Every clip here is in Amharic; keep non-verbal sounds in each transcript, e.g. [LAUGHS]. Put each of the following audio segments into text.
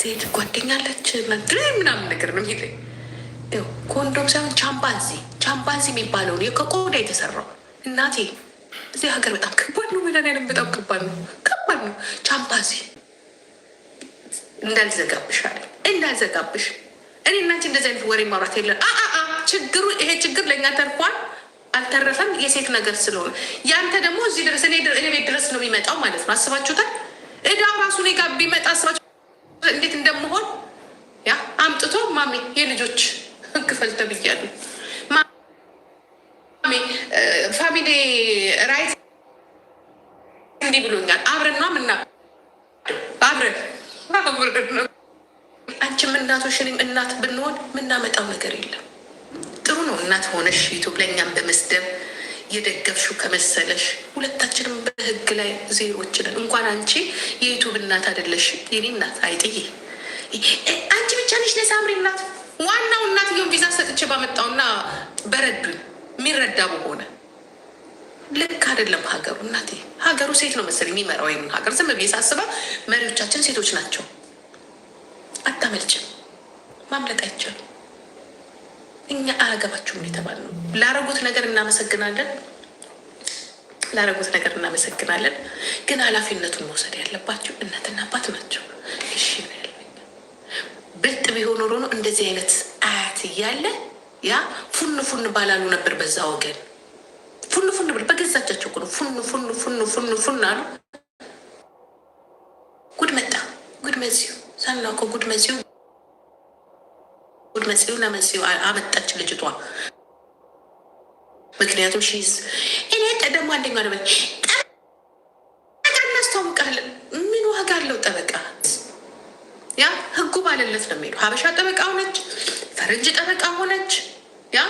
ሴት ጓደኛለች መድረ ምናምን ነገር ነው የሚለኝ። ኮንዶም ሳይሆን ቻምፓንዚ ቻምፓንዚ የሚባለውን ከቆዳ የተሰራው እናቴ፣ እዚህ ሀገር በጣም ከባድ ነው። መድኃኒዓለም በጣም ከባድ ነው፣ ከባድ ነው። ቻምፓንዚ እንዳልዘጋብሽ አለ እንዳልዘጋብሽ። እኔ እናቴ እንደዚህ አይነት ወሬ ማውራት የለን። ችግሩ ይሄ ችግር ለእኛ ተርፏል፣ አልተረፈም። የሴት ነገር ስለሆነ ያንተ ደግሞ እዚህ ድረስ እኔ ቤት ድረስ ነው የሚመጣው ማለት ነው። አስባችሁታል? እዳ ራሱ እኔ ጋር ቢመጣ አስባ እንዴት እንደምሆን ያ አምጥቶ ማሚ የልጆች ክፈል ተብያሉ ማሜ ፋሚሊ ራይት እንዲህ ብሎኛል። አብረን ነው ምና አብረን አንቺም እናቶች እኔም እናት ብንሆን የምናመጣው ነገር የለም። ጥሩ ነው እናት ሆነሽ ኢትዮጵያ በመስደብ የደገፍሽው ከመሰለሽ ሁለታችንም በህግ ላይ ዜሮችንን እንኳን አንቺ የዩቱብ እናት አይደለሽ የኔ እናት አይጥዬ አንቺ ብቻ ነሽ ለሳምሪ እናት። ዋናው እናት ሆን ቪዛ ሰጥቼ ባመጣውና በረዱ የሚረዳ በሆነ ልክ አይደለም ሀገሩ። እናቴ ሀገሩ ሴት ነው መሰለኝ የሚመራው ይሄንን ሀገር። ዝም ብዬ ሳስበው መሪዎቻችን ሴቶች ናቸው። አታመልጭም። ማምለጥ አይቻልም። እኛ አያገባችሁም የተባል ነው። ላረጉት ነገር እናመሰግናለን፣ ላረጉት ነገር እናመሰግናለን። ግን ኃላፊነቱን መውሰድ ያለባቸው እናትና አባት ናቸው። እሺ ነው ያለ። ብልጥ ቢሆን ኖሮ ነው እንደዚህ አይነት አያት እያለ ያ ፉን ፉን ባላሉ ነበር። በዛ ወገን ፉን ፉን ብል በገዛቻቸው ነው። ፉን ፉን ፉን ፉን ፉን አሉ። ጉድ መጣ፣ ጉድ መዚሁ ሳናውቀው ጉድ መዚሁ መሲሁ ለመሲሁ አመጣች ልጅቷ። ምክንያቱም ሺዝ እኔ ደግሞ አንደኛ ነ ጠበቃ እናስታውቃለን። ምን ዋጋ አለው ጠበቃ? ያ ህጉ ባለለት ነው የሚሄዱ። ሀበሻ ጠበቃ ሆነች፣ ፈረንጅ ጠበቃ ሆነች፣ ያ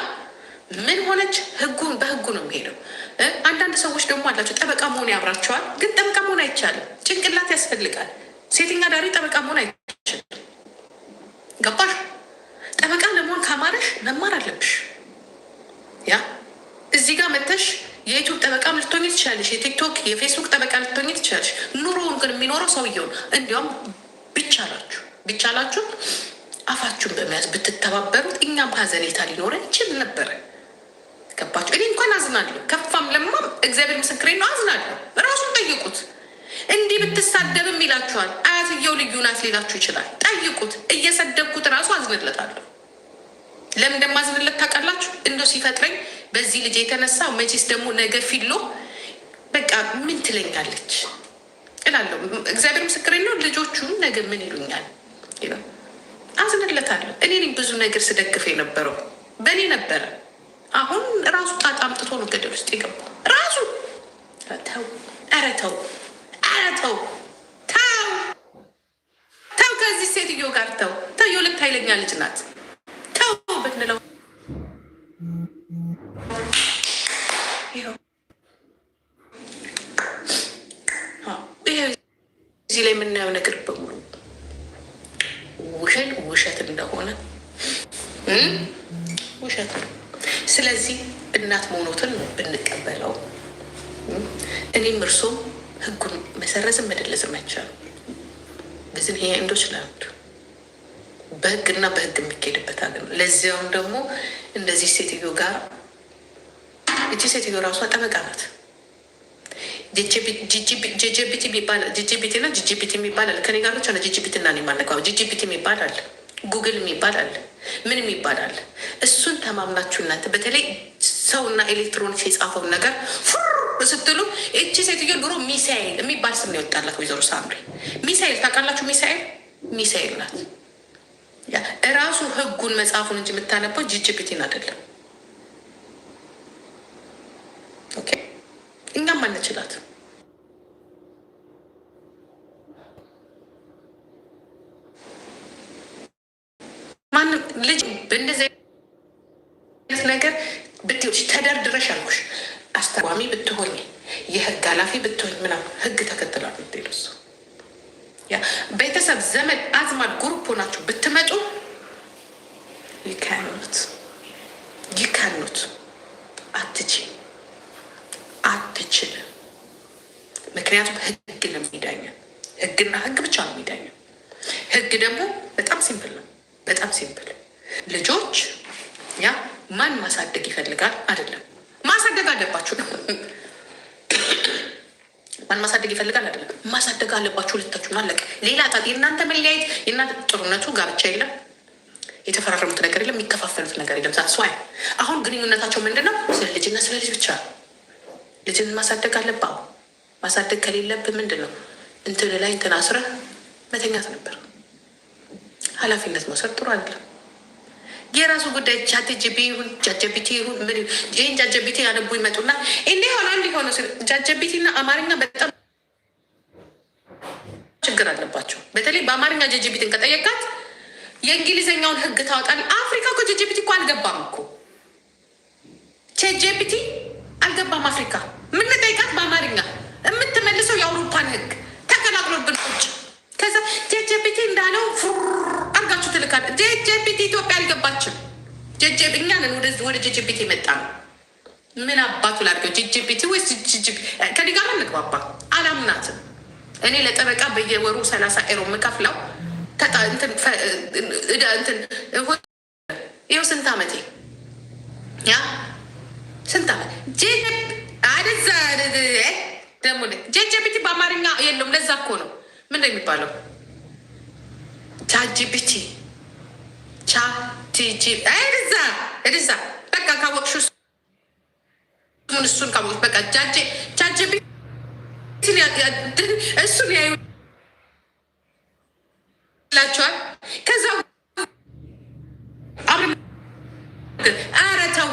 ምን ሆነች? ህጉን በህጉ ነው የሚሄደው። አንዳንድ ሰዎች ደግሞ አላቸው ጠበቃ መሆን ያምራቸዋል፣ ግን ጠበቃ መሆን አይቻልም። ጭንቅላት ያስፈልጋል። ሴተኛ ዳሪ ጠበቃ መሆን አይችልም። ገባሽ? ጠበቃ ለመሆን ካማረሽ መማር አለብሽ። ያ እዚህ ጋር መተሽ የዩቱብ ጠበቃ ልትሆኝ ትችላለሽ። የቲክቶክ የፌስቡክ ጠበቃ ልትሆኝ ትችላለሽ። ኑሮውን ግን የሚኖረው ሰውየውን እንዲያውም ቢቻላችሁ ቢቻላችሁ አፋችሁን በመያዝ ብትተባበሩት እኛም ሀዘኔታ ሊኖረን ይችል ነበረ። ገባችሁ? እኔ እንኳን አዝናለሁ። ከፋም ለማም እግዚአብሔር ምስክሬ ነው፣ አዝናለሁ። ራሱን ጠይቁት። እንዲህ ብትሳደብም ይላችኋል። አያትየው ልዩ ናት ሌላችሁ ይችላል። ጠይቁት። እየሰደብኩት ራሱ አዝንለታለሁ። ለምን እንደማዝንለት ታውቃላችሁ? እንዶ ሲፈጥረኝ በዚህ ልጅ የተነሳ መቼስ ደግሞ ነገ ፊሎ በቃ ምን ትለኛለች እላለሁ። እግዚአብሔር ምስክሬ ነው። ልጆቹ ነገ ምን ይሉኛል? አዝንለታለሁ። እኔ ብዙ ነገር ስደግፍ የነበረው በእኔ ነበረ። አሁን ራሱ ጣጣ አምጥቶ ነው ገደል ውስጥ የገባው ራሱ። ተው፣ ኧረ ተው፣ ኧረ ተው፣ ተው፣ ተው ከዚህ ሴትዮ ጋር ተው፣ ተው። የሁለት ኃይለኛ ልጅ ናት። እዚህ ላይ የምናየው ነገር በሙሉ ውሸት ውሸት እንደሆነ ውሸት ነው። ስለዚህ እናት መሆኖትን ብንቀበለው እኔም እርሶም ህጉን መሰረዝም መደለዝም አይቻልም። በዚህ ይሄ እንዶች በህግና በህግ የሚካሄድበት ሀገር ነው። ለዚያውም ደግሞ እንደዚህ ሴትዮ ጋር እቺ ሴትዮ ራሷ ጠበቃ ናት። ጂጂቢቲ ጂጂቢቲና ጂጂቢቲ የሚባል ከኔ ጋር ብቻ ነው ጂጂቢቲና ነው የማነካው። ጂጂቢቲ የሚባል ጉግል የሚባል ምን የሚባል እሱን ተማምናችሁ እናንተ በተለይ ሰውና ኤሌክትሮኒክስ የጻፈውን ነገር ስትሉ እቺ ሴትዮ ድሮ ሚሳኤል የሚባል ስም ነው የወጣላት። ወይዘሮ ሳምሪ ሚሳኤል ታውቃላችሁ? ሚሳኤል ሚሳኤል ናት። እራሱ ህጉን መጽሐፉን እንጂ የምታነበው ጂጂፒቲን አይደለም። እኛም አንችላት። ማንም ልጅ በእንደዚህ አይነት ነገር ተደርድረሽ አልኩሽ። አስተርጓሚ ብትሆኝ፣ የህግ ኃላፊ ብትሆኝ ምናምን ህግ ተከትላል ብትሄዱ ቤተሰብ፣ ዘመድ፣ አዝማድ ጉሩፕ ሆናችሁ ብትመጡ ይካኖት ይካኖት አትች አትችል። ምክንያቱም ህግ ነው የሚዳኘን። ህግና ህግ ብቻ ነው የሚዳኘን። ህግ ደግሞ በጣም ሲምፕል ነው። በጣም ሲምፕል ልጆች ያ ማን ማሳደግ ይፈልጋል? አይደለም ማሳደግ አለባችሁ ነው ማን ማሳደግ ይፈልጋል? አይደለም ማሳደግ አለባችሁ ሁለታችሁ። አለቀ። ሌላ ጣት የእናንተ መለያየት የእናንተ ጥሩነቱ ጋብቻ የለም፣ የተፈራረሙት ነገር የለም፣ የሚከፋፈሉት ነገር የለም። ሳስዋይ ስዋይ አሁን ግንኙነታቸው ምንድን ነው? ስለ ልጅና ስለ ልጅ ብቻ። ልጅን ማሳደግ አለባ። ማሳደግ ከሌለብህ ምንድን ነው እንትን ላይ እንትን አስረህ መተኛት ነበር። ኃላፊነት መውሰድ ጥሩ አይደለም። የራሱ ጉዳይ ቻትጂፒቲ ይሁን ቻትጂፒቲ ይሁን ምን ይህን ቻትጂፒቲ ያነቡ ይመጡና እንዲህ ሆነ እንዲህ ሆነ ሲሉ ቻትጂፒቲና አማርኛ በጣም ችግር አለባቸው። በተለይ በአማርኛ ቻትጂፒቲን ከጠየቃት የእንግሊዝኛውን ህግ ታወጣል። አፍሪካ እኮ ቻትጂፒቲ እኮ አልገባም እኮ ቻትጂፒቲ አልገባም። አፍሪካ የምንጠይቃት በአማርኛ የምትመልሰው የአውሮፓን ህግ ተቀላቅሎብን ቁጭ ከዛ ጄጄፒቲ እንዳለው አርጋችሁ ትልካል። ጀጀቢቲ ኢትዮጵያ አልገባችም። እኛ ነን ወደ ጀጀቢቲ መጣ ነው። ምን አባቱ ላድርገው? ጀጀቢቲ ወይስ ከኔ ጋር እንግባባ? አላምናትም። እኔ ለጠበቃ በየወሩ ሰላሳ ኤሮ የምከፍለው ይኸው ስንት ዓመቴ ያ ስንት ዓመት ጄጄፒቲ ደግሞ ጄጄፒቲ በአማርኛ የለውም። ለዛ እኮ ነው ምን የሚባለው? ቻጂቢቲ ቻቲጂ በቃ ካወቅሽ ምን እሱን ካወቅሽ በቃ ቻጂ ቻጂቢቲ እሱን ያዩ ላቸዋል ከዛ ኧረ ተው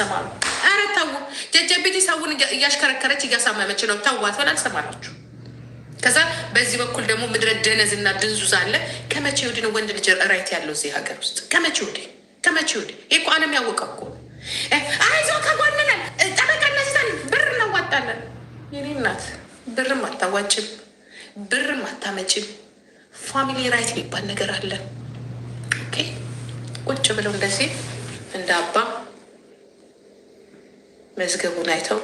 ሰማሉ። ኧረ ተው ሰውን እያሽከረከረች እያሳመመች ነው። ተዋት ብላ ከዛ በዚህ በኩል ደግሞ ምድረ ደነዝ እና ድንዙዝ አለ። ከመቼ ወዲህ ነው ወንድ ልጅ ራይት ያለው እዚህ ሀገር ውስጥ? ከመቼ ወዲህ ከመቼ ወዲህ? ይህ እኮ ዓለም ያወቀው እኮ አይዞ ከጎንነን ጠበቃ ሲሳን ብር እናዋጣለን። የኔ እናት ብርም አታዋጭም፣ ብርም አታመጭም። ፋሚሊ ራይት የሚባል ነገር አለ። ቁጭ ብለው እንደዚህ እንደ አባ መዝገቡን አይተው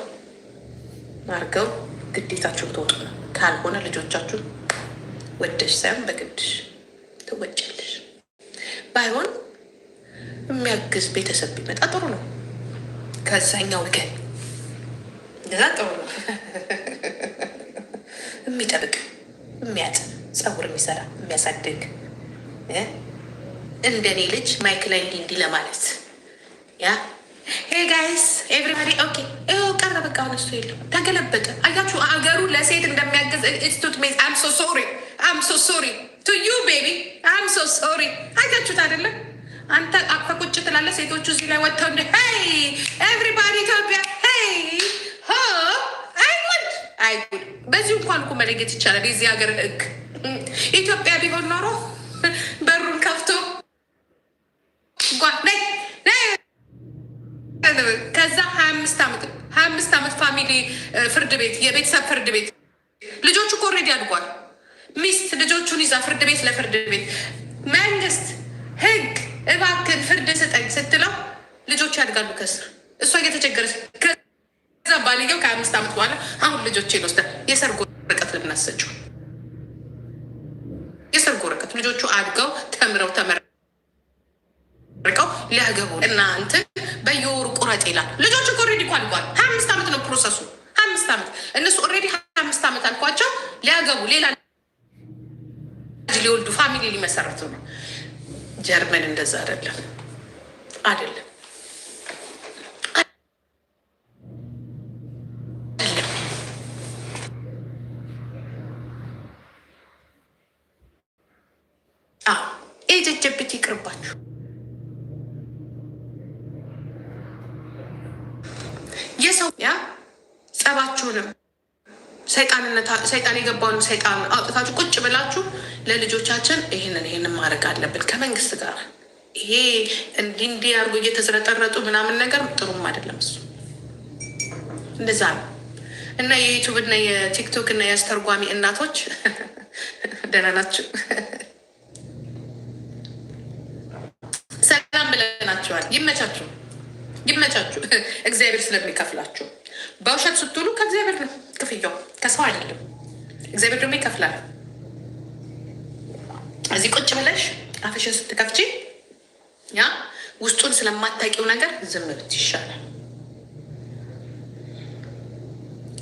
አርገው ግዴታቸው ተወጡ ነው ካልሆነ ልጆቻችሁ ወደሽ ሳይሆን በግድሽ ትወጫለሽ። ባይሆን የሚያግዝ ቤተሰብ ቢመጣ ጥሩ ነው። ከዛኛው ግን እንደዛ ጥሩ ነው። [LAUGHS] የሚጠብቅ የሚያጥብ፣ ፀጉር የሚሰራ፣ የሚያሳድግ እንደኔ ልጅ ማይክል ላይ እንዲህ እንዲህ ለማለት ያ ሄ ጋይስ ኤቭሪባዲ ኦኬ። ይኸው ቀረ በቃ። አሁን እሱ የለም ተገለበጠ። አያችሁ አገሩ ለሴት እንደሚያግዝ ኢንስቲቱት ሜዝ አም ሶ ሶሪ አም ሶ ሶሪ ቱ ዩ ቤቢ አም ሶ ሶሪ። አያችሁት አይደለም? አንተ አቅፈ ቁጭ ትላለህ፣ ሴቶቹ እዚህ ላይ ወጥተው እንደ ሄይ ኤቭሪባዲ ኢትዮጵያ ሄይ ሆ አይጉድ አይጉድ። በዚሁ እንኳን እኮ መለየት ይቻላል። የዚህ ሀገር ህግ ኢትዮጵያ ቢሆን ኖሮ በሩን ከፍቶ ጓ ነይ ነይ ያንብብ። ከዛ ሀያ አምስት ዓመት ሀያ አምስት ዓመት ፋሚሊ ፍርድ ቤት የቤተሰብ ፍርድ ቤት ልጆቹ እኮ ኦልሬዲ አድጓል። ሚስት ልጆቹን ይዛ ፍርድ ቤት ለፍርድ ቤት መንግስት ህግ እባክን ፍርድ ስጠኝ ስትለው ልጆቹ ያድጋሉ ከስር እሷ እየተቸገረች ከዛ ባልየው ከአምስት ዓመት በኋላ አሁን ልጆቼን ወስደን የሰርጎ ወረቀት ልናሰችው የሰርጎ ወረቀት ልጆቹ አድገው ተምረው ተመ ርቀው ሊያገቡ እና እንትን በየወሩ ቁረጥ ይላል። ልጆች እኮ ኦልሬዲ እኮ አልቋል። ሀያ አምስት ዓመት ነው ፕሮሰሱ። ሀያ አምስት ዓመት እነሱ ኦልሬዲ ሀያ አምስት ዓመት አልኳቸው ሊያገቡ ሌላ ሊወልዱ ፋሚሊ ሊመሰረቱ ነው። ጀርመን እንደዛ አይደለም አይደለም ኤጀጀብት ይቅርባችሁ። ሰው ያ ጸባችሁንም ሰይጣን የገባውን ሰይጣን አውጥታችሁ ቁጭ ብላችሁ ለልጆቻችን ይህንን ይህንን ማድረግ አለብን ከመንግስት ጋር ይሄ እንዲህ እንዲህ አድርጎ እየተዝረጠረጡ ምናምን ነገር ጥሩም አይደለም። እሱ እንደዛ ነው እና የዩቱብ እና የቲክቶክ እና የአስተርጓሚ እናቶች [LAUGHS] ደህና ናቸው። [LAUGHS] ሰላም ብለናቸዋል። ይመቻችሁ። ይመቻችሁ። እግዚአብሔር ስለሚከፍላችሁ በውሸት ስትውሉ ከእግዚአብሔር ነው ክፍያው፣ ከሰው አይደለም። እግዚአብሔር ደግሞ ይከፍላል። እዚህ ቁጭ ብለሽ አፍሽን ስትከፍቺ ያ ውስጡን ስለማታውቂው ነገር ዝም ብት ይሻላል።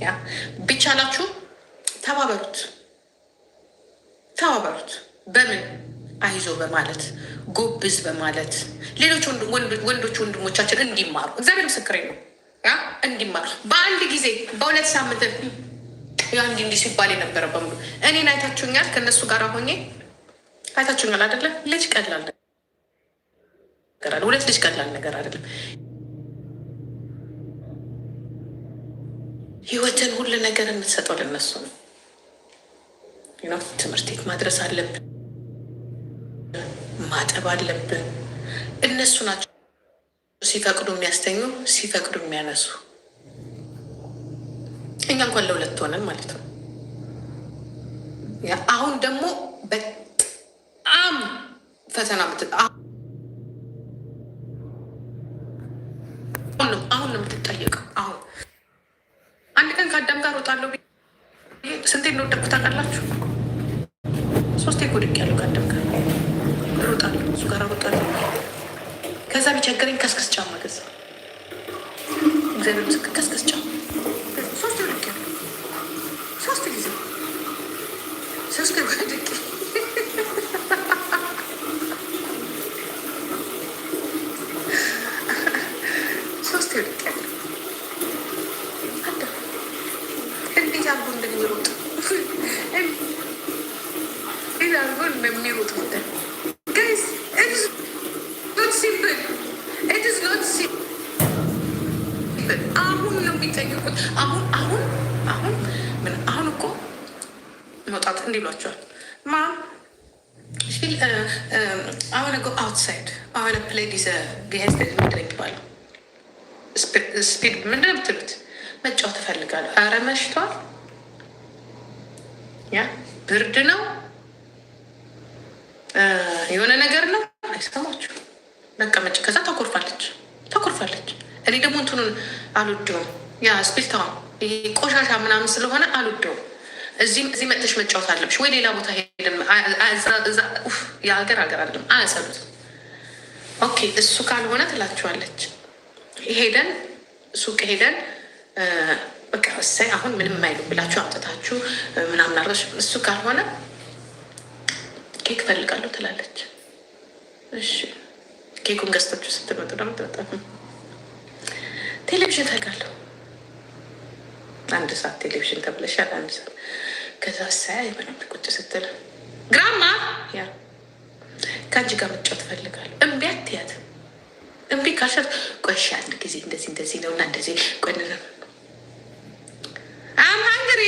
ያ ቢቻላችሁ ተባበሩት፣ ተባበሩት በምን አይዞ በማለት ጎብዝ በማለት ሌሎች ወንዶች ወንድሞቻችን እንዲማሩ እግዚአብሔር ምስክሬ ነው እንዲማሩ በአንድ ጊዜ በሁለት ሳምንት የአንድ እንዲህ ሲባል የነበረ በሙሉ እኔን አይታችሁኛል። ከእነሱ ጋር ሆኜ አይታችሁኛል አደለ ልጅ ቀላል ነገር አለ። ሁለት ልጅ ቀላል ነገር አይደለም። ህይወትን ሁሉ ነገር የምትሰጠው ለነሱ ነው። ትምህርት ቤት ማድረስ አለብን። ማጠብ አለብን። እነሱ ናቸው ሲፈቅዱ የሚያስተኙ ሲፈቅዱ የሚያነሱ። እኛ እንኳን ለሁለት ሆነን ማለት ነው። አሁን ደግሞ በጣም ፈተና አሁን ነው የምትጠየቀው። አሁን አንድ ቀን ከአዳም ጋር ወጣለሁ ስንቴ እንደወደኩት ታውቃላችሁ? ሶስቴ ጎድቅ ያለው ከአዳም ጋር እንደወጣለሁ እሱ ጋር እወጣለሁ። ከዛ ቢቸገረኝ ከስክስ ጫማ ገዛ። እግዚአብሔር ከስክስ ጫማ ሶስት ሶስት ጊዜ ሶስት ጊዜ ምንድን የሚባለው ስፒድ ምንድን የምትሉት መጫወት እፈልጋለሁ። አረ መሽቷል፣ ያ ብርድ ነው፣ የሆነ ነገር ነው። አይሰማችሁ መቀመጭ። ከዛ ተኮርፋለች ተኮርፋለች። እኔ ደግሞ እንትኑን አልወደውም፣ ያ ስፒልታውን ቆሻሻ ምናምን ስለሆነ አልወደውም። እዚህም እዚህ መጥተሽ መጫወት አለብሽ ወይ ሌላ ቦታ ሄድም የሀገር ሀገር አለም አያሰሉትም ኦኬ እሱ ካልሆነ ትላችኋለች። ሄደን ሱቅ ሄደን በቃ እሰይ አሁን ምንም አይሉም ብላችሁ አምጥታችሁ ምናምን አረሽ እሱ ካልሆነ ኬክ ፈልጋለሁ ትላለች። እሺ ኬኩን ገዝታችሁ ስትመጡ ደግሞ ትመጣ ቴሌቪዥን ፈልጋለሁ አንድ ሰዓት ቴሌቪዥን ተብለሻል። አንድ ሰዓት ከዛ ሳያ የመለብ ቁጭ ስትል ግራማ ያ ከአንቺ ጋር መጫወት እፈልጋለሁ። እምቢ አትያት። እምቢ ካሸር ቆይ አንድ ጊዜ እንደዚህ እንደዚህ ነው እና እንደዚህ ቆይ አም ሀንግሪ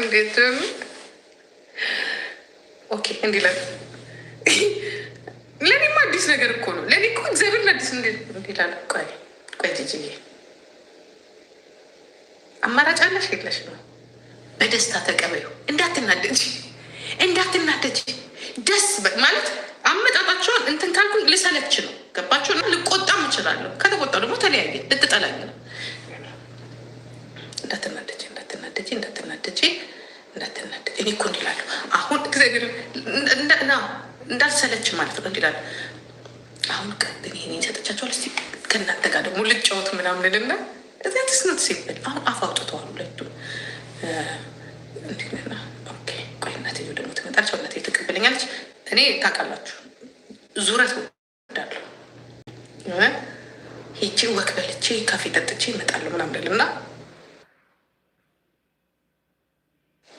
እንዴት ኦኬ እንዲህ ላት ለእኔማ አዲስ ነገር እኮ ነው። ለእኔ እኮ እግዚአብሔር አዲስ እንዲላል ቆይ ቆይ ጅጅዬ አማራጭ አለሽ የለሽ ነው በደስታ ተቀበዩ። እንዳትናደጅ እንዳትናደጅ ደስ ማለት አመጣጣቸውን እንትን ካልኩ ልሰለች ነው ገባቸው እና ልቆጣም እችላለሁ። ከተቆጣ ደግሞ ተለያየ ልትጠላኝ ነው። እንዳትናደጅ እንዳትናደጅ እንዳትናደጅ እንዳትናደጅ እኔ እኮ እንዲላሉ አሁን እግዚአብሔር እንዳልሰለች ማለት ነው እንዲላሉ አሁን ይህን ሰጠቻቸዋል። እስኪ ከእናንተ ጋር ደግሞ ልጫወት ምናምንልና እዚያ ትስነት ሲበል አሁን አፍ አውጥተዋል ሁለቱም ቆይ እናትዬው ደግሞ ትመጣለች። እናትዬ ትቀበለኛለች። እኔ ታውቃላችሁ ዙረት ወዳለሁ ሄጄ ወክ በልቼ ካፌ ጠጥቼ እመጣለሁ ምናምን አይደል እና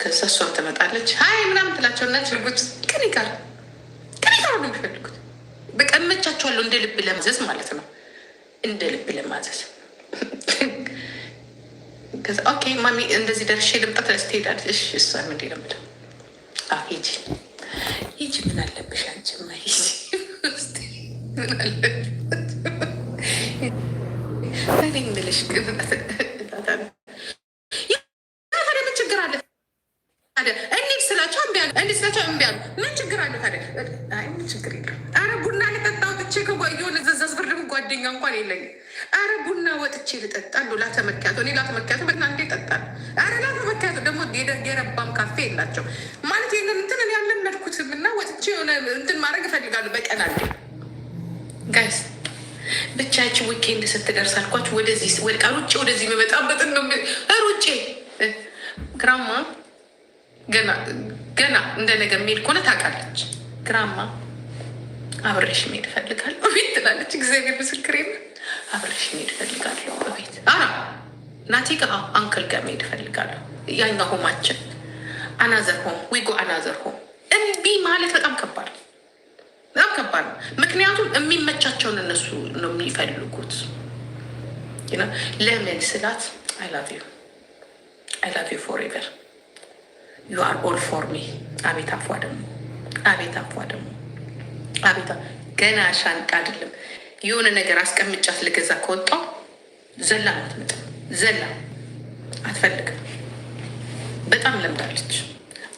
ከዛ እሷም ትመጣለች። ሀይ ምናምን ትላቸውና ልጆች ከኔ ጋር ከኔ ጋር ነው የሚፈልጉት። በቃ እመቻቸዋለሁ እንደ ልብ ለማዘዝ ማለት ነው እንደ ልብ ለማዘዝ ከዛ ኦኬ ማሚ እንደዚህ ደርሼ ልምጣ ትሄዳለች። እሺ እሷ ምንድ ለምድ ሂጂ ሂጂ፣ ምን አለብሽ አንቺማ ሂጂ፣ ምን አለብሽ እኔ ግን አለ ስላቸው እምቢ አሉ፣ ምን ችግር አለ ታዲያ? ምን ችግር የለም። ኧረ ቡና ወጥቼ ከጓየ ለዘዛዝ ብርድም ጓደኛ እንኳን የለኝ። አረ ቡና ወጥቼ ልጠጣ እንዶ ላተመኪያቶ እኔ ላተመኪያቶ በእናንተ ይጠጣል። አረ ላተመኪያቶ ደግሞ የረባም ካፌ የላቸው ማለት ይህንን እንትን እኔ ያለመድኩትም እና ወጥቼ የሆነ እንትን ማድረግ እፈልጋለሁ። በቀን አለ ጋይስ ብቻችን ዊኬንድ ስትደርስ አልኳችሁ ወደዚህ ወድቃ ሩጬ ወደዚህ መመጣበት ነው ሩጬ ግራማ ገና ገና እንደነገ የሚሄድ ከሆነ ታውቃለች ግራማ አብሬሽ መሄድ እፈልጋለሁ ቤት ትላለች። እግዚአብሔር ምስክሬ ነው። አብሬሽ መሄድ እፈልጋለሁ ቤት አ ናቲ ጋ አንክል ጋር መሄድ እፈልጋለሁ። ያኛ ሆማችን አናዘር ሆም ዊጎ አናዘር ሆም እምቢ ማለት በጣም ከባድ በጣም ከባድ ነው። ምክንያቱም የሚመቻቸውን እነሱ ነው የሚፈልጉት። ለምን ስላት አይ ላቭ ዩ አይ ላቭ ዩ ፎርኤቨር ዩ አር ኦል ፎር ሚ አቤት አፏ ደግሞ አቤት አፏ ደግሞ አቤቷ ገና ሻንጣ አይደለም የሆነ ነገር አስቀምጫት ልገዛ ከወጣው ዘላ ትምጥ ዘላ አትፈልግም። በጣም ለምዳለች።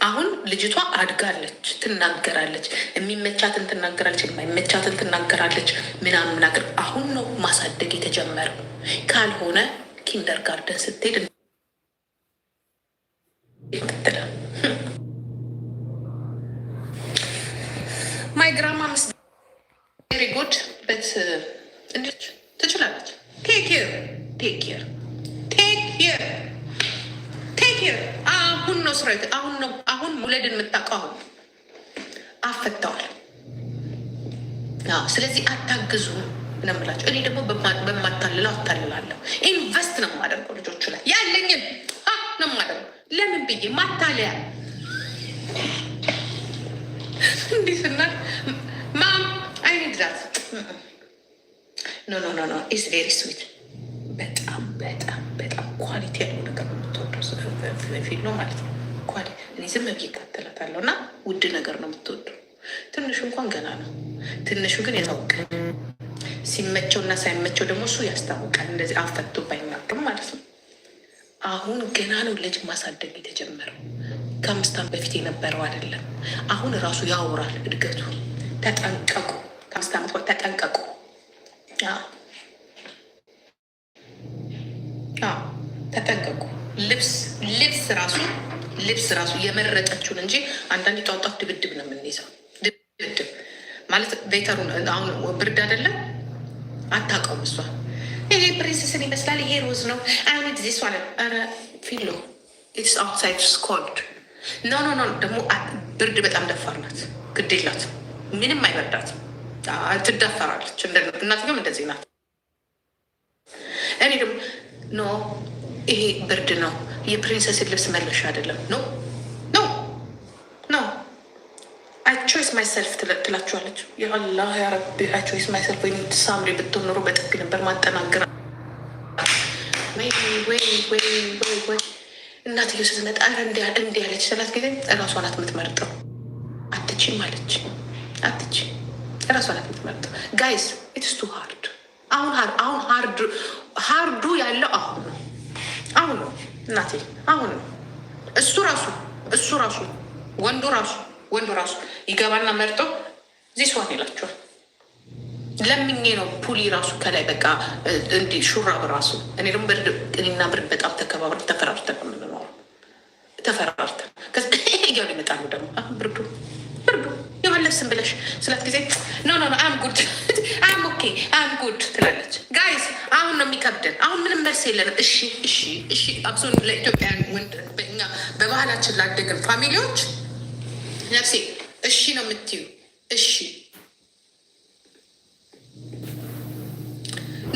አሁን ልጅቷ አድጋለች፣ ትናገራለች፣ የሚመቻትን ትናገራለች፣ የማይመቻትን ትናገራለች። ምናምን ነገር አሁን ነው ማሳደግ የተጀመረው። ካልሆነ ኪንደርጋርደን ስትሄድ ነው የምላቸው። እኔ ደግሞ በማታልለው አታልላለሁ። ኢንቨስት ነው የማደርገው ልጆቹ ላይ ያለኝን ነው የማደርገው። ለምን ብዬ ማታለያ እንዲህ ስና ማም አይንግዛት ግዛት ኖ ኖ ኖ ኢስ ቬሪ ስዊት በጣም በጣም በጣም ኳሊቲ ያለው ነገር የምትወደው ፊልም ነው ማለት ነው። ኳሊቲ እኔ ዝም ብዬ እካተላታለሁ እና ውድ ነገር ነው የምትወደው። ትንሹ እንኳን ገና ነው። ትንሹ ግን የታወቀ ሲመቸው እና ሳይመቸው ደግሞ እሱ ያስታውቃል። እንደዚህ አፈቶ ባይናቅም ማለት ነው። አሁን ገና ነው ልጅ ማሳደግ የተጀመረው። ከአምስት ዓመት በፊት የነበረው አይደለም። አሁን ራሱ ያወራል እድገቱ። ተጠንቀቁ፣ ከአምስት ዓመት ተጠንቀቁ። ተጠንቀቁ። ልብስ ልብስ ራሱ ልብስ ራሱ የመረጠችውን እንጂ አንዳንድ የጧጧፍ ድብድብ ነው የምንይዘው። ድብድብ ማለት ቤተሩ አሁን ብርድ አይደለም አታውቀውም እሷ። ይሄ ይመስላል፣ ይሄ ሮዝ ነው። አይነት ዚ ሷለ ረ ፊሎ ኢትስ አውትሳይድ ስኮልድ ኖ ኖ ኖ። ደግሞ ብርድ በጣም ደፋር ናት፣ ግድ የላትም፣ ምንም አይበርዳትም፣ ትደፈራለች። እናትየውም እንደዚህ ናት። እኔ ደግሞ ኖ ይሄ ብርድ ነው፣ የፕሪንሰስን ልብስ መለሻ አይደለም ነው ማይሰልፍ ትላችኋለች። የአላህ ያረቢ አይቾይስ ማይሰልፍ ወይ ሳምሪ ብትሆን ኖሮ በጥፊ ነበር ማጠናግራ። እናትዬው ስትመጣ እንዲ ያለች ስላት ጊዜ እራሷ ናት የምትመርጠው። አትችም አለች፣ አትች እራሷ ናት የምትመርጠው። ጋይስ ኢትስ ቱ ሃርድ። አሁን አሁን ሃርዱ ሃርዱ ያለው አሁን ነው፣ አሁን ነው እናቴ፣ አሁን ነው እሱ ራሱ እሱ ራሱ ወንዱ ራሱ ወንዱ ራሱ ይገባና መርጦ እዚህ ሰዋን ይላቸዋል። ለምኜ ነው ፑሊ ራሱ ከላይ በቃ እንዲ ሹራብ ራሱ እኔ ደግሞ ብርድ እኔና ብርድ በጣም ተከባብረ ተፈራርተ የምንኖሩ ተፈራርተ እያሉ ይመጣሉ። ደግሞ ብርዱ ብርዱ የመለስን ብለሽ ስላት ጊዜ ኖ ኖ አም ጉድ አም ኦኬ አም ጉድ ትላለች። ጋይስ አሁን ነው የሚከብደን። አሁን ምንም መልስ የለንም። እሺ እሺ እሺ አብሶን ለኢትዮጵያ ወንድ በእኛ በባህላችን ላደግን ፋሚሊዎች ነፍሴ እሺ ነው የምትዩ። እሺ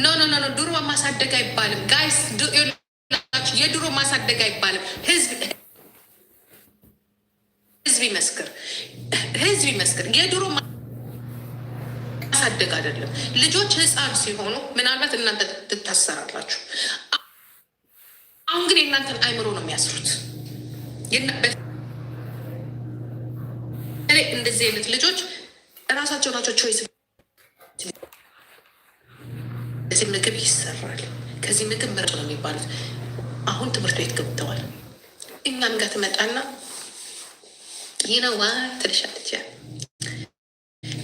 ኖ ኖ ኖ ድሮ ማሳደግ አይባልም ጋይስ፣ የድሮ ማሳደግ አይባልም። ህዝብ ህዝብ ይመስክር፣ ህዝብ ይመስክር። የድሮ ማሳደግ አይደለም። ልጆች ህፃን ሲሆኑ ምናልባት እናንተ ትታሰራላችሁ። አሁን ግን የእናንተን አይምሮ ነው የሚያስሩት። የናበት እንደዚህ አይነት ልጆች እራሳቸው ናቸው ቾይስ። እዚህ ምግብ ይሰራል፣ ከዚህ ምግብ ምረጡ ነው የሚባሉት። አሁን ትምህርት ቤት ገብተዋል። እኛም ጋር ትመጣና ይነዋ ትልሻለች። ያ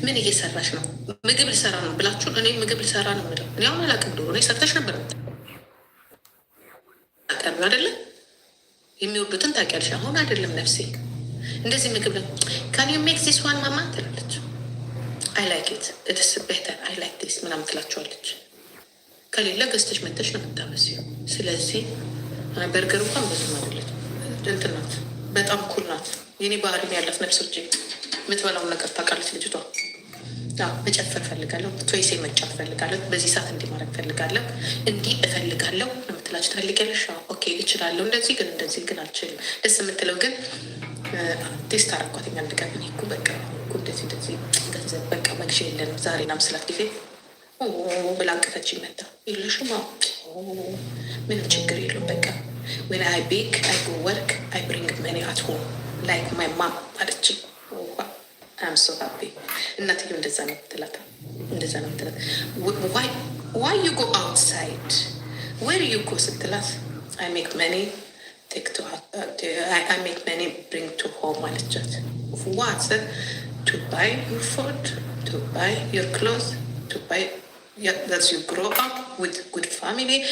ምን እየሰራች ነው? ምግብ ልሰራ ነው ብላችሁ እኔ ምግብ ልሰራ ነው ምለው እኔ አሁን አላውቅም። ዶሮ ሰርተሽ ነበር አይደለም? የሚወዱትን ታውቂያለሽ። አሁን አይደለም ነፍሴ እንደዚህ ምግብ ካን ዩ ሜክ ዚስ ዋን ማማ ትላለች። አይ ላይክ ኢት ኢትስ ቤተር አይ ላይክ ዲስ ምናምን ትላቸዋለች። ከሌለ ገዝተሽ መተሽ ነው የምታመስ። ስለዚህ በርገር እንኳን ብዙ ማለት እንትን ናት፣ በጣም ኩል ናት። የኔ ባህሪ ያላት ነብስ ልጅ የምትበላውን ነገር ታውቃለች ልጅቷ። መጨፈር ፈልጋለሁ፣ ቶይሴ መጫት ፈልጋለሁ፣ በዚህ ሰዓት እንዲህ ማድረግ ፈልጋለሁ፣ እንዲህ እፈልጋለሁ የምትላቸው ትፈልጊያለሽ? ኦኬ እችላለሁ፣ እንደዚህ ግን እንደዚህ ግን አልችልም። ደስ የምትለው ግን ቴስት አረኳትኝ አንድ ቀን እኔ እኮ በቃ እንደዚህ እንደዚህ ገንዘብ በቃ መግዣ የለንም ዛሬ ምናምን ስላት ጊዜ ብላ አቅፈች መጣ። የለሽም? ምንም ችግር የለውም በቃ ዌን አይ ቤክ አይ ጎ ወርክ አይ ብሪንግ መኒ አት ሆም ላይክ ማይ ማም አለች። አም ሶ ሀፒ እናትየው እንደዛ ነው ትላት እንደዛ ነው ትላት። ዋይ ዩ ጎ አውትሳይድ ዌር ዩ ጎ ስትላት አይ ሜክ መኒ take to, uh, I, I make many bring to home my just what to buy your food to buy your clothes to buy yeah, that you grow up with good family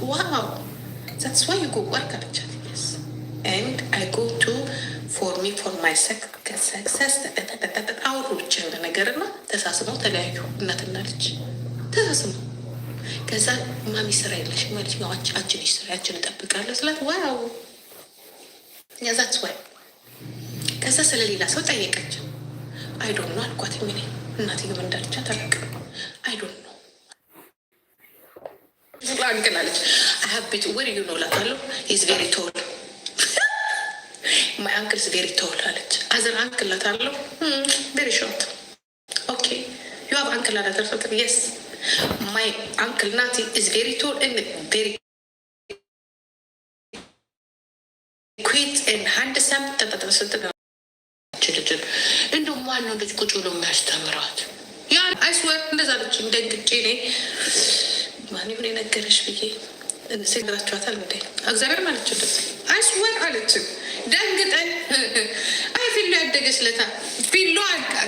wow that's why you go work አለቻት yes and I go to for me for my success አወሩ ብቻ ነገር not ተሳስበው ተለያዩ እናትና ልጅ ተሳስበው ከዛ ማሚ ስራ የለሽ ማለች አችን ስራ ያችን እጠብቃለሁ ስላት ዋው ያዛት ዋይ ከዛ ስለሌላ ሰው ጠየቀች። አይዶን ነው አልኳት። ምን እናት ግብ እንዳልቻ አላውቅም። አይዶን ነው አንግላለች። አሀቢት ወር ዩ ነው እላታለሁ። ኢዝ ቬሪ ቶል ማይ አንክልስ ቬሪ ቶል አለች። አዘር አንክል እላታለሁ። ቬሪ ሾርት ኦኬ ዩ ሀብ አንክል አላተርሰት የስ ማይ አንክል ናቲ ኢዝ ቬሪ ቶል ኤንድ ቬሪ ኩዊት ኤንድ ሃንድሰም ተጠጠስት ችልችል እንዲሁም ዋናው ልጅ ቁጭ ብሎ የሚያስተምራት ያን አይስወር እንደዛ ልጅ እንደግጭ ኔ ማን ይሁን የነገረሽ ብዬ ሴግራችኋታል እንደ እግዚአብሔር ማለችው ደስ አይስወር አለችም። ደንግጠን [LAUGHS] አይ ፊሎ ያደገች ለታ ፊሎ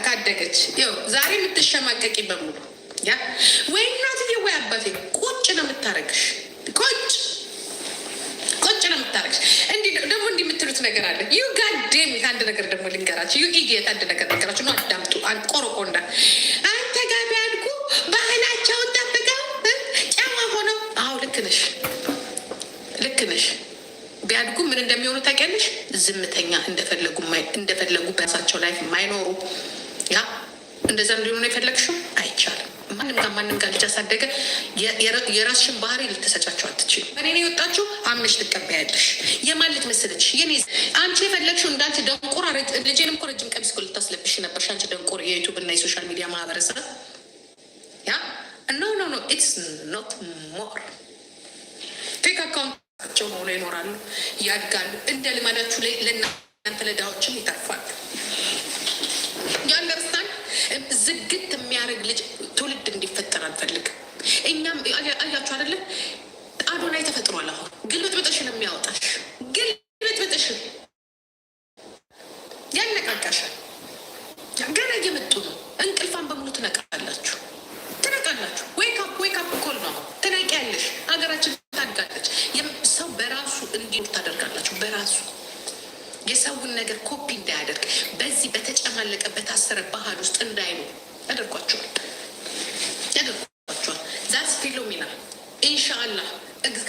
ካደገች ው ዛሬ የምትሸማቀቂ በሙሉ ያ ወይ እናትዬ ወይ አባቴ ቁጭ ነው የምታረግሽ። ቁጭ ቁጭ ነው የምታረግሽ። እንዲህ ደግሞ እንዲህ የምትሉት ነገር አለ። ዩ ጋዴም አንድ ነገር ደግሞ ልንገራችሁ። ዩ አንድ ነገር ነው አዳምጡ። አንተ ጋር ቢያድጉ ባህላቸውን ጠብቀው ጫማ ሆነው። አዎ ልክ ነሽ፣ ልክ ነሽ። ቢያድጉ ምን እንደሚሆኑ ታውቂያለሽ? ዝምተኛ፣ እንደፈለጉ እንደፈለጉ በራሳቸው ላይፍ የማይኖሩ ያ እንደዛ እንዲሆኑ የፈለግሽው አይቻልም። ማንም ጋር ልጅ ያሳደገ የራስሽን ባህሪ ልትሰጫቸው አትችል። እኔ የወጣችሁ አምነሽ ትቀበያለሽ። የማን ልጅ መሰለች? የኔ አንቺ የፈለግሽው እንዳንቺ ደንቆር ልጄንም እኮ ረጅም ቀሚስ እኮ ልታስለብሽ ነበር። አንቺ ደንቆር። የዩቱብ እና የሶሻል ሚዲያ ማህበረሰብ ያ ኖ ኖ ኖ ኢትስ ኖት ሞር ፌክ አካውንታቸው ሆኖ ይኖራሉ፣ ያድጋሉ። እንደ ልማዳችሁ ላይ ለእናንተ ለዳዎችም ይተርፋሉ። ያንደርስታን ዝግት ግልብጥ ብጥሽ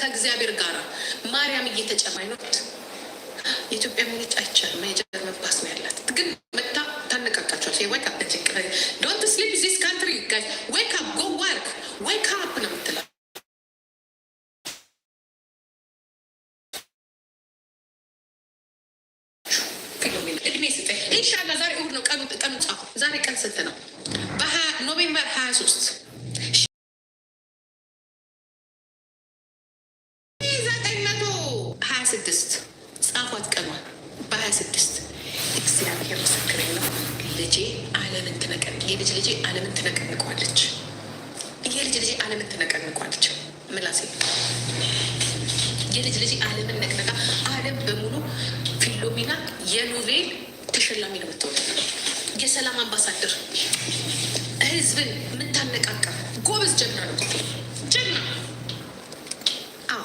ከእግዚአብሔር ጋር ማርያም እየተጨማኝ ነው። የኢትዮጵያ ሆኖች አይቻልም። የጀርመን ፓስ ነው ያላት ግን መታ ታነቃቃቸዋል። ዶንት ስሊፕ ዚስ ካንትሪ የምታሳድር ህዝብን የምታነቃቀፍ ጎበዝ ጀግና ነው። ጀግና አዎ።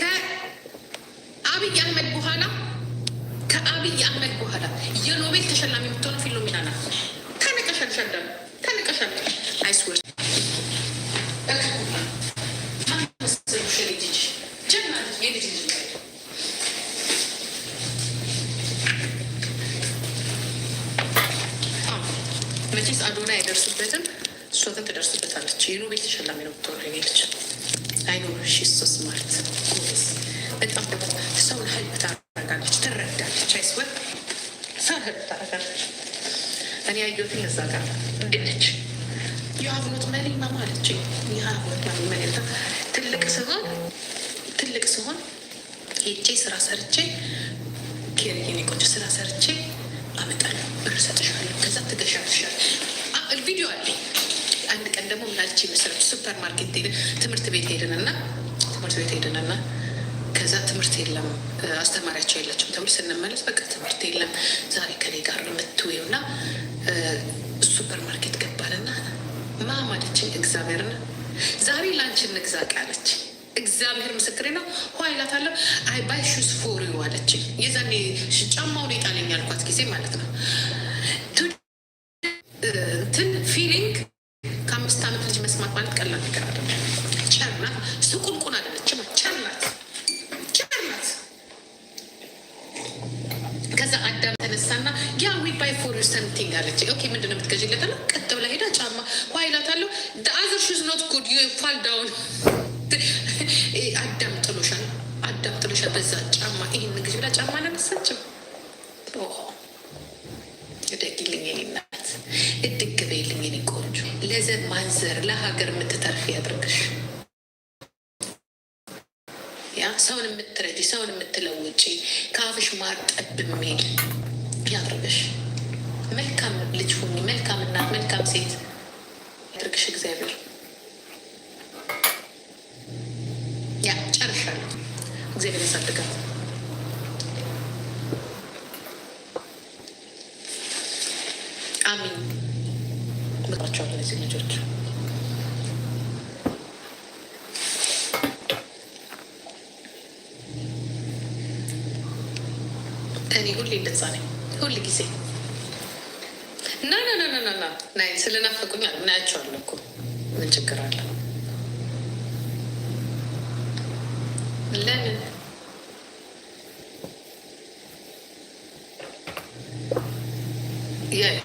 ከአብይ አህመድ በኋላ ከአብይ አህመድ በኋላ የኖቤል ተሸላሚ የምትሆነው ፊሎሚና ናት። ታነቀሻል፣ ሸዳ ታነቀሻል። አይስወር ኖቤል ተሸላሚ ነው አይኖርሽ። ስማርት በጣም ሰውን ታረጋለች፣ ትረዳለች። ታረጋለች። እኔ ያየሁት ጋር የአብኖት ትልቅ ስሆን ትልቅ ስሆን ሄጄ ስራ ሰርቼ ቆንጆ ስራ ሰርቼ አመጣለሁ፣ ብር ሰጥሻለሁ፣ ከዛ ትሻል ቪዲዮ አለኝ አንድ ቀን ደግሞ ምናልች የመሰለችው ሱፐር ማርኬት ሄደን ትምህርት ቤት ሄደን እና ትምህርት ቤት ሄደን እና ከዛ ትምህርት የለም አስተማሪያቸው የላቸውም ተብሎ ስንመለስ በቃ ትምህርት የለም ዛሬ ከኔ ጋር ነው ና ሱፐር ማርኬት ገባልና ማ ማለችን እግዚአብሔር ነው ዛሬ ላንች እንግዛ ቃለች እግዚአብሔር ምስክሬ ነው። ኋይላት አለው አይ ባይ ሹስ ፎሪ ዩ የዛኔ ጫማውን የጣለኝ ያልኳት ጊዜ ማለት ነው። ሹዝ ኖት ጉድ ዩ ፋል ዳውን። አዳም ጥሎሻል፣ አዳም ጥሎሻል። በዛ ጫማ ይህን ግዥ ብላ ጫማ አለበሳችም። ደግልኝ የኔ እናት፣ እድግ በይልኝ የኔ ቆንጆ። ለዘር ማንዘር ለሀገር የምትተርፊ ያድርግሽ። ያ ሰውን የምትረጂ ሰውን የምትለውጪ ከአፍሽ ማር ጠብ የሚል ያድርግሽ። መልካም ልጅ ሁኚ፣ መልካም እናት፣ መልካም ሴት ያድርግሽ እግዚአብሔር። እግዚአብሔር ያሳድጋል። አሚን። ምክራቸው እነዚህ ልጆች እኔ ሁሌ እንደዛ ነኝ፣ ሁል ጊዜ እና ስለናፈቁኝ እናያቸዋለሁ እኮ ምን ችግር አለ? ለምን yeah